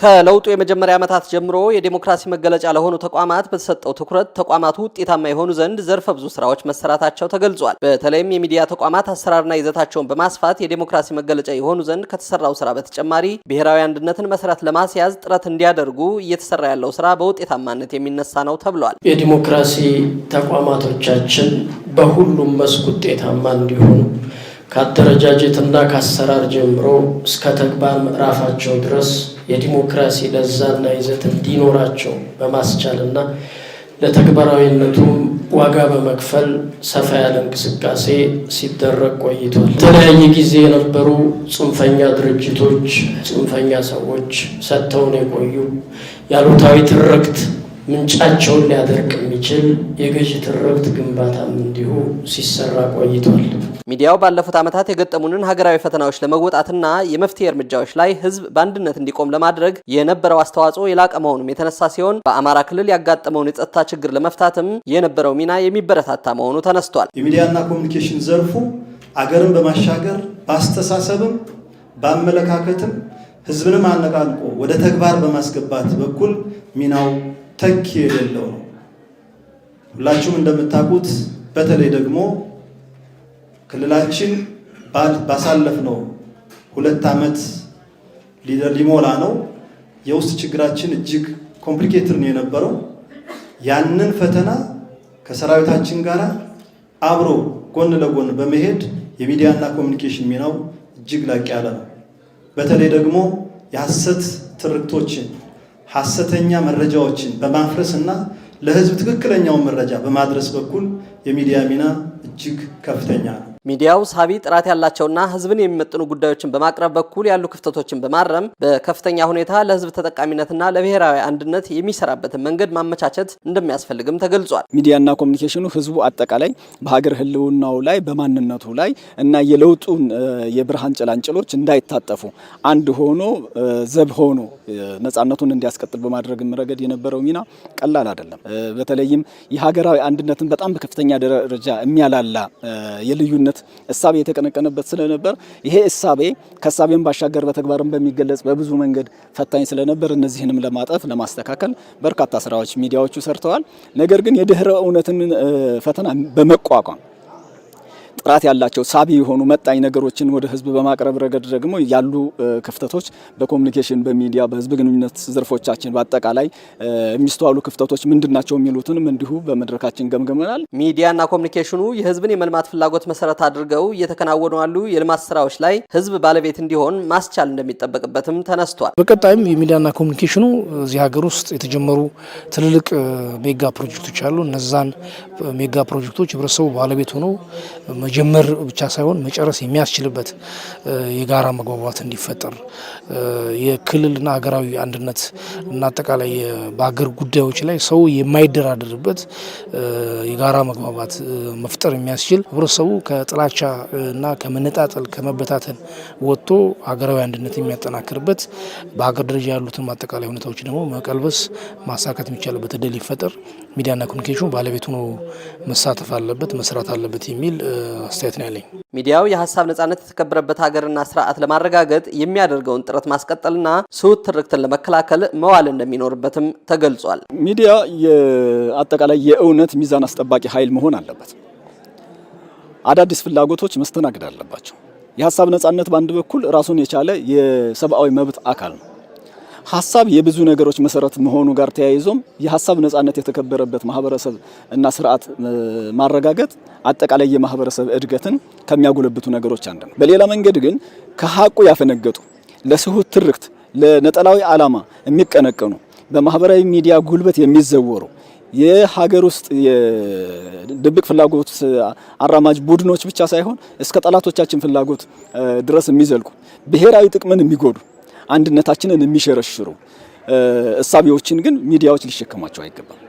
ከለውጡ የመጀመሪያ ዓመታት ጀምሮ የዴሞክራሲ መገለጫ ለሆኑ ተቋማት በተሰጠው ትኩረት ተቋማቱ ውጤታማ የሆኑ ዘንድ ዘርፈ ብዙ ስራዎች መሰራታቸው ተገልጿል። በተለይም የሚዲያ ተቋማት አሰራርና ይዘታቸውን በማስፋት የዴሞክራሲ መገለጫ የሆኑ ዘንድ ከተሰራው ስራ በተጨማሪ ብሔራዊ አንድነትን መሰረት ለማስያዝ ጥረት እንዲያደርጉ እየተሰራ ያለው ስራ በውጤታማነት የሚነሳ ነው ተብሏል። የዴሞክራሲ ተቋማቶቻችን በሁሉም መስክ ውጤታማ እንዲሆኑ ከአደረጃጀትና ከአሰራር ጀምሮ እስከ ተግባር ምዕራፋቸው ድረስ የዲሞክራሲ ለዛና ይዘት እንዲኖራቸው በማስቻልና ለተግባራዊነቱም ዋጋ በመክፈል ሰፋ ያለ እንቅስቃሴ ሲደረግ ቆይቷል። የተለያየ ጊዜ የነበሩ ጽንፈኛ ድርጅቶች፣ ጽንፈኛ ሰዎች ሰጥተውን የቆዩ ያሉታዊ ትርክት ምንጫቸውን ሊያደርግ የሚችል የገዢ ትርክት ግንባታም እንዲሁ ሲሰራ ቆይቷል። ሚዲያው ባለፉት ዓመታት የገጠሙንን ሀገራዊ ፈተናዎች ለመወጣትና የመፍትሄ እርምጃዎች ላይ ህዝብ በአንድነት እንዲቆም ለማድረግ የነበረው አስተዋጽኦ የላቀ መሆኑም የተነሳ ሲሆን በአማራ ክልል ያጋጠመውን የጸጥታ ችግር ለመፍታትም የነበረው ሚና የሚበረታታ መሆኑ ተነስቷል። የሚዲያና ኮሚኒኬሽን ዘርፉ አገርን በማሻገር በአስተሳሰብም በአመለካከትም ህዝብንም አነቃንቆ ወደ ተግባር በማስገባት በኩል ሚናው ተኪ የሌለው ነው። ሁላችሁም እንደምታውቁት በተለይ ደግሞ ክልላችን ባሳለፍ ነው ሁለት ዓመት ሊሞላ ነው የውስጥ ችግራችን እጅግ ኮምፕሊኬትድ ነው የነበረው። ያንን ፈተና ከሰራዊታችን ጋር አብሮ ጎን ለጎን በመሄድ የሚዲያና ኮሚኒኬሽን ሚናው እጅግ ላቅ ያለ ነው። በተለይ ደግሞ የሐሰት ትርክቶችን ሐሰተኛ መረጃዎችን በማፍረስ እና ለህዝብ ትክክለኛውን መረጃ በማድረስ በኩል የሚዲያ ሚና እጅግ ከፍተኛ ነው። ሚዲያው ሳቢ ጥራት ያላቸውና ህዝብን የሚመጥኑ ጉዳዮችን በማቅረብ በኩል ያሉ ክፍተቶችን በማረም በከፍተኛ ሁኔታ ለህዝብ ተጠቃሚነትና ለብሔራዊ አንድነት የሚሰራበትን መንገድ ማመቻቸት እንደሚያስፈልግም ተገልጿል። ሚዲያና ኮሚኒኬሽኑ ህዝቡ አጠቃላይ በሀገር ህልውናው ላይ በማንነቱ ላይ እና የለውጡን የብርሃን ጭላንጭሎች እንዳይታጠፉ አንድ ሆኖ ዘብ ሆኖ ነጻነቱን እንዲያስቀጥል በማድረግ ረገድ የነበረው ሚና ቀላል አይደለም። በተለይም የሀገራዊ አንድነትን በጣም በከፍተኛ ደረጃ የሚያላላ የልዩነት ለማሳካት እሳቤ የተቀነቀነበት ስለነበር ይሄ እሳቤ ከእሳቤም ባሻገር በተግባርም በሚገለጽ በብዙ መንገድ ፈታኝ ስለነበር እነዚህንም ለማጠፍ ለማስተካከል በርካታ ስራዎች ሚዲያዎቹ ሰርተዋል። ነገር ግን የድህረ እውነትን ፈተና በመቋቋም ጥራት ያላቸው ሳቢ የሆኑ መጣኝ ነገሮችን ወደ ህዝብ በማቅረብ ረገድ ደግሞ ያሉ ክፍተቶች በኮሚኒኬሽን፣ በሚዲያ፣ በህዝብ ግንኙነት ዘርፎቻችን በአጠቃላይ የሚስተዋሉ ክፍተቶች ምንድን ናቸው የሚሉትንም እንዲሁ በመድረካችን ገምግመናል። ሚዲያና ኮሚኒኬሽኑ የህዝብን የመልማት ፍላጎት መሰረት አድርገው እየተከናወኑ ያሉ የልማት ስራዎች ላይ ህዝብ ባለቤት እንዲሆን ማስቻል እንደሚጠበቅበትም ተነስቷል። በቀጣይም የሚዲያና ኮሚኒኬሽኑ እዚህ ሀገር ውስጥ የተጀመሩ ትልልቅ ሜጋ ፕሮጀክቶች አሉ። እነዛን ሜጋ ፕሮጀክቶች ህብረተሰቡ ባለቤት ሆኖ መጀመር ብቻ ሳይሆን መጨረስ የሚያስችልበት የጋራ መግባባት እንዲፈጠር የክልልና ሀገራዊ አንድነት እና አጠቃላይ በሀገር ጉዳዮች ላይ ሰው የማይደራደርበት የጋራ መግባባት መፍጠር የሚያስችል ህብረተሰቡ ከጥላቻ እና ከመነጣጠል ከመበታተን ወጥቶ ሀገራዊ አንድነት የሚያጠናክርበት በሀገር ደረጃ ያሉትን አጠቃላይ ሁኔታዎች ደግሞ መቀልበስ ማሳካት የሚቻልበት እድል ይፈጠር። ሚዲያና ኮሚኒኬሽኑ ባለቤት ሆኖ መሳተፍ አለበት፣ መስራት አለበት የሚል አስተያየት ነው ያለኝ። ሚዲያው የሀሳብ ነጻነት የተከበረበት ሀገርና ስርዓት ለማረጋገጥ የሚያደርገውን ጥረት ማስቀጠልና ስውት ትርክትን ለመከላከል መዋል እንደሚኖርበትም ተገልጿል። ሚዲያ አጠቃላይ የእውነት ሚዛን አስጠባቂ ኃይል መሆን አለበት። አዳዲስ ፍላጎቶች መስተናገድ አለባቸው። የሀሳብ ነጻነት በአንድ በኩል ራሱን የቻለ የሰብአዊ መብት አካል ነው። ሀሳብ የብዙ ነገሮች መሰረት መሆኑ ጋር ተያይዞም የሀሳብ ነጻነት የተከበረበት ማህበረሰብ እና ስርዓት ማረጋገጥ አጠቃላይ የማህበረሰብ እድገትን ከሚያጎለብቱ ነገሮች አንዱ ነው። በሌላ መንገድ ግን ከሀቁ ያፈነገጡ ለስሁት ትርክት፣ ለነጠላዊ ዓላማ የሚቀነቀኑ በማህበራዊ ሚዲያ ጉልበት የሚዘወሩ የሀገር ውስጥ የድብቅ ፍላጎት አራማጅ ቡድኖች ብቻ ሳይሆን እስከ ጠላቶቻችን ፍላጎት ድረስ የሚዘልቁ ብሔራዊ ጥቅምን የሚጎዱ አንድነታችንን የሚሸረሽሩ እሳቤዎችን ግን ሚዲያዎች ሊሸከሟቸው አይገባም።